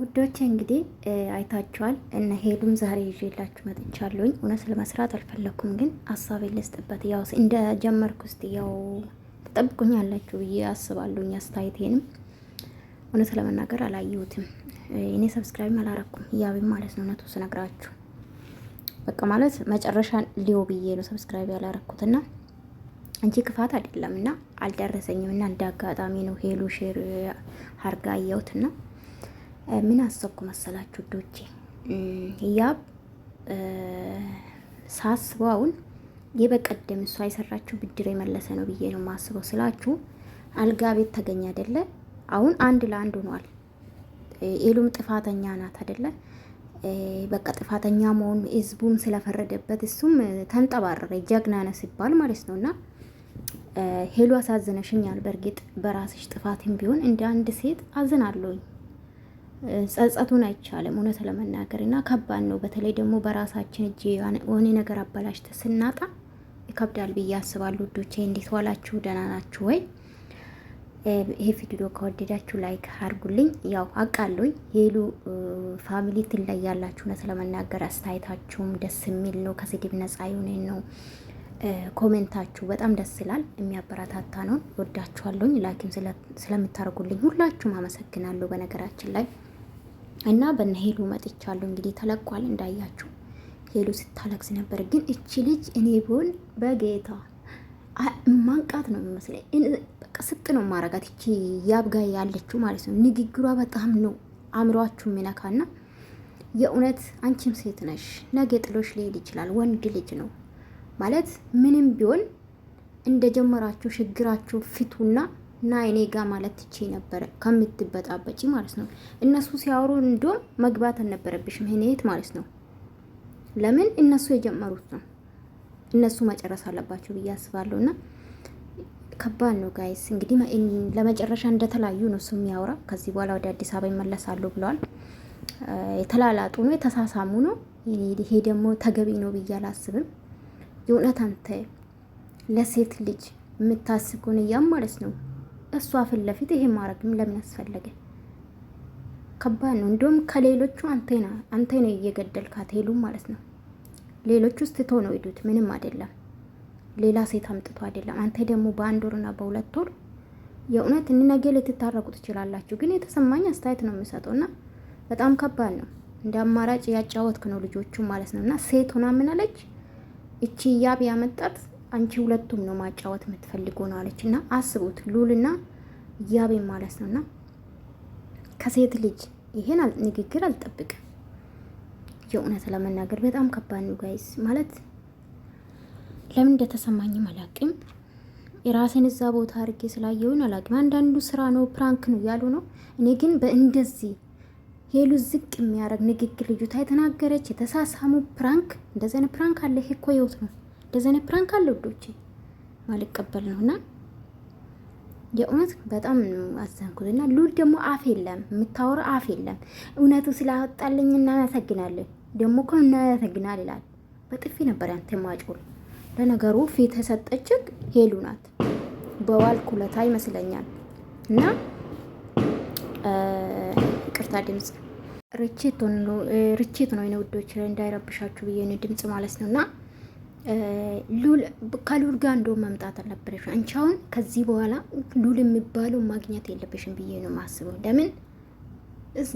ውዶች እንግዲህ አይታችኋል እነ ሄሉም ዛሬ ይዤላችሁ መጥቻለሁኝ። እውነት ለመስራት አልፈለኩም፣ ግን ሀሳቤ ልስጥበት። ያው እንደ ጀመርኩ ውስጥ ያው ትጠብቁኝ አላችሁ ብዬ አስባለሁኝ። አስተያየቴንም እውነት ለመናገር አላየሁትም። እኔ ሰብስክራይብ አላረኩም እያብም ማለት ነው። እውነቱ ስነግራችሁ በቃ ማለት መጨረሻ ሊዮ ብዬ ነው ሰብስክራይብ ያላረኩትና እንጂ ክፋት አይደለም እና አልደረሰኝም እና እንደ አጋጣሚ ነው ሄሉ ሼር አርጋ አየሁትና ምን አሰብኩ መሰላችሁ ዶቼ ያብ ሳስበው አሁን የበቀደም እሷ የሰራችሁ ብድር የመለሰ ነው ብዬ ነው ማስበው ስላችሁ አልጋ ቤት ተገኘ አይደለ? አሁን አንድ ለአንድ ሆኗል። ኤሉም ጥፋተኛ ናት አይደለ? በቃ ጥፋተኛ መሆኑ ህዝቡም ስለፈረደበት እሱም ተንጠባረረ። ጀግና ነህ ሲባል ማለት ነው እና ሄሉ አሳዝነሽኛል። በእርግጥ በራስሽ ጥፋትም ቢሆን እንደ አንድ ሴት አዝናለሁኝ። ጸጸቱን አይቻልም እውነት ለመናገር እና ከባድ ነው። በተለይ ደግሞ በራሳችን እጅ የሆነ ነገር አበላሽተ ስናጣ ይከብዳል ብዬ አስባለሁ። ዶቼ እንዴት ዋላችሁ? ደህና ናችሁ ወይ? ይሄ ቪዲዮ ከወደዳችሁ ላይክ አድርጉልኝ። ያው አቃሉኝ ሄሉ ፋሚሊ ላይ ያላችሁ እውነት ለመናገር አስተያየታችሁም ደስ የሚል ነው። ከስድብ ነጻ የሆነ ነው። ኮሜንታችሁ በጣም ደስ ይላል፣ የሚያበረታታ ነው። ወዳችኋለሁኝ። ላኪም ስለምታደርጉልኝ ሁላችሁም አመሰግናለሁ። በነገራችን ላይ እና በነ ሄሉ መጥቻለሁ። እንግዲህ ተለቋል እንዳያችሁ ሄሉ ስታለቅስ ነበር። ግን እቺ ልጅ እኔ ብሆን በጌታ ማንቃት ነው የሚመስለኝ። በቃ ስጥ ነው ማረጋት። እቺ ያብጋ ያለችው ማለት ነው። ንግግሯ በጣም ነው አእምሯችሁ የሚነካና የእውነት አንቺም ሴት ነሽ። ነገ ጥሎሽ ሊሄድ ይችላል። ወንድ ልጅ ነው ማለት ምንም ቢሆን እንደጀመራችሁ ችግራችሁ ፊቱና ና እኔ ጋ ማለት ትቼ ነበረ ከምትበጣበጪ ማለት ነው። እነሱ ሲያወሩ እንዲሁም መግባት አልነበረብሽም ሄኔት ማለት ነው። ለምን እነሱ የጀመሩት ነው። እነሱ መጨረስ አለባቸው ብዬ አስባለሁ። እና ከባድ ነው ጋይስ። እንግዲህ ለመጨረሻ እንደተለያዩ ነው እሱ የሚያወራ። ከዚህ በኋላ ወደ አዲስ አበባ ይመለሳሉ ብለዋል። የተላላጡ ነው የተሳሳሙ ነው። ይሄ ደግሞ ተገቢ ነው ብዬ አላስብም። የእውነት አንተ ለሴት ልጅ የምታስብ ከሆነ ያም ማለት ነው እሷ ፊት ለፊት ይሄን ማድረግም ለምን አስፈለገ? ከባድ ነው። እንዲሁም ከሌሎቹ አንተና አንተና እየገደልካት ሄሉ ማለት ነው። ሌሎቹ ውስጥ ትቶ ነው ሄዱት። ምንም አይደለም፣ ሌላ ሴት አምጥቶ አይደለም። አንተ ደግሞ በአንድ ወርና በሁለት ወር የእውነት እንነገ ልትታረቁ ትችላላችሁ። ግን የተሰማኝ አስተያየት ነው የምሰጠውና በጣም ከባድ ነው። እንደ አማራጭ ያጫወትክ ነው ልጆቹ ማለት ነውና ሴት ሆና ምን አለች እቺ ያብ ያመጣት አንቺ ሁለቱም ነው ማጫወት የምትፈልጉ ነው አለች እና አስቡት፣ ሉልና ያቤን ማለት ነው እና ከሴት ልጅ ይሄን ንግግር አልጠብቅም። የእውነት ለመናገር በጣም ከባድ ነው ጋይስ። ማለት ለምን እንደተሰማኝ አላቅም። የራሴን እዛ ቦታ አድርጌ ስላየውን አላቅም። አንዳንዱ ስራ ነው ፕራንክ ነው ያሉ ነው። እኔ ግን በእንደዚህ ሄሉ ዝቅ የሚያደርግ ንግግር ልዩታ የተናገረች የተሳሳሙ ፕራንክ እንደዚህ ፕራንክ አለ። ይሄ እኮ ህይወት ነው። እንደዚህ አይነት ፕራንክ አለ ውዶቼ፣ ማልቀበል ነው እና የእውነት በጣም አዘንኩት እና ሉል ደግሞ አፍ የለም የምታወራ አፍ የለም። እውነቱ ስላወጣልኝ እናመሰግናለን ደግሞ እኮ እናመሰግናል ይላል። በጥፊ ነበር ያንተ ማጮል። ለነገሩ ፊት ተሰጠች ሄሉ ናት ኩለታ ይመስለኛል እና ቅርታ ድምፅ ርችት ነው ነው ውዶች እንዳይረብሻችሁ ብዬን ድምፅ ማለት ነው እና ከሉል ጋር እንደ መምጣት አልነበረሽ አንቺ። አሁን ከዚህ በኋላ ሉል የሚባለው ማግኘት የለብሽም ብዬ ነው ማስበው። ለምን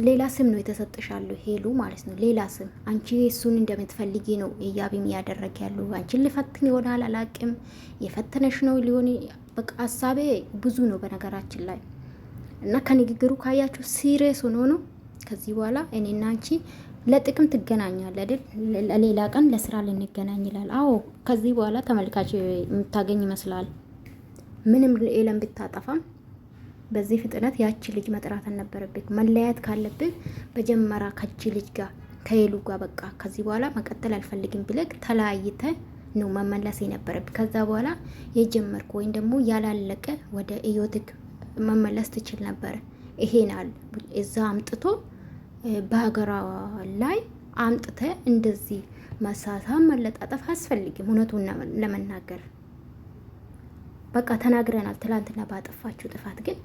ሌላ ስም ነው የተሰጥሻሉ፣ ሄሉ ማለት ነው። ሌላ ስም አንቺ እሱን እንደምትፈልጊ ነው እያብም እያደረግ ያሉ። አንቺን ልፈትን ይሆናል አላቅም፣ የፈተነሽ ነው ሊሆን። በቃ ሀሳቤ ብዙ ነው በነገራችን ላይ እና ከንግግሩ ካያችሁ ሲሬስ ሆኖ ነው ከዚህ በኋላ እኔና አንቺ ለጥቅም ትገናኛለ አይደል? ለሌላ ቀን ለስራ ልንገናኝ ይላል። አዎ ከዚህ በኋላ ተመልካች የምታገኝ ይመስላል። ምንም ኤለን ብታጠፋም በዚህ ፍጥነት ያቺ ልጅ መጥራት አልነበረብህ። መለያየት ካለብህ በጀመራ ከቺ ልጅ ጋር ከሄሉ ጋር በቃ ከዚህ በኋላ መቀጠል አልፈልግም ብለህ ተለያይተ ነው መመለስ የነበረብህ። ከዛ በኋላ የጀመርክ ወይም ደግሞ ያላለቀ ወደ እዮትክ መመለስ ትችል ነበር። ይሄናል እዛ አምጥቶ በሀገሯ ላይ አምጥተ እንደዚህ መሳሳ መለጣጠፍ አያስፈልግም። እውነቱን ለመናገር በቃ ተናግረናል። ትላንትና ባጠፋችሁ ጥፋት ግን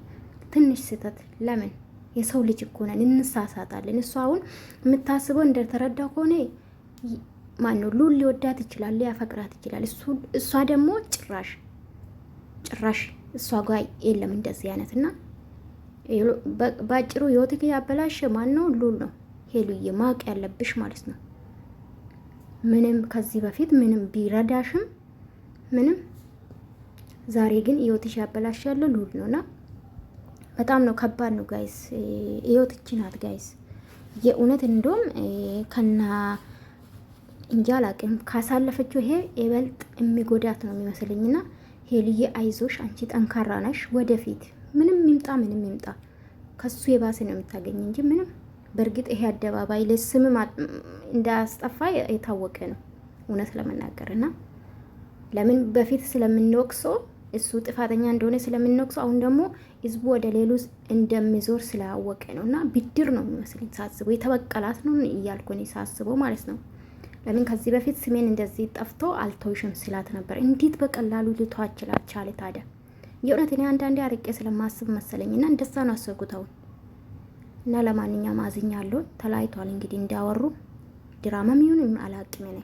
ትንሽ ስህተት ለምን የሰው ልጅ እኮ ነን፣ እንሳሳታለን። እሱ አሁን የምታስበው እንደተረዳው ከሆነ ማነው ሉል ሊወዳት ይችላል፣ ሊያፈቅራት ይችላል። እሷ ደግሞ ጭራሽ ጭራሽ እሷ ጋር የለም እንደዚህ አይነት እና በአጭሩ ህይወትህ ያበላሸ ማን ነው? ሉል ነው። ሄሉዬ ማወቅ ያለብሽ ማለት ነው። ምንም ከዚህ በፊት ምንም ቢረዳሽም ምንም ዛሬ ግን ህይወትሽ ያበላሽ ያለው ሉል ነውና በጣም ነው ከባድ ነው ጋይስ። ህይወት ናት ጋይስ። የእውነት እንደውም ከና እንጃ አላቅም ካሳለፈችው ይሄ ይበልጥ የሚጎዳት ነው የሚመስለኝና ሄልዬ አይዞሽ፣ አንቺ ጠንካራ ነሽ ወደፊት ምንም ይምጣ ምንም ይምጣ ከሱ የባሰ ነው የምታገኝ እንጂ ምንም። በእርግጥ ይሄ አደባባይ ለስም እንዳያስጠፋ የታወቀ ነው እውነት ለመናገር እና ለምን በፊት ስለምንወቅሰው እሱ ጥፋተኛ እንደሆነ ስለምንወቅሰው አሁን ደግሞ ህዝቡ ወደ ሌሉ እንደሚዞር ስላወቀ ነው እና ብድር ነው የሚመስለኝ ሳስበው፣ የተበቀላት ነው እያልኩኝ ሳስበው ማለት ነው። ለምን ከዚህ በፊት ስሜን እንደዚህ ጠፍቶ አልተውሽም ስላት ነበር። እንዴት በቀላሉ ልቷ ቻለ ታዲያ? የእውነት እኔ አንዳንዴ አርቄ ስለማስብ መሰለኝ እና እንደዛ ነው አሰጉተው እና ለማንኛውም አዝኛለሁ። ተለያይቷል እንግዲህ እንዲያወሩ ድራማም ይሁን አላቅም ነኝ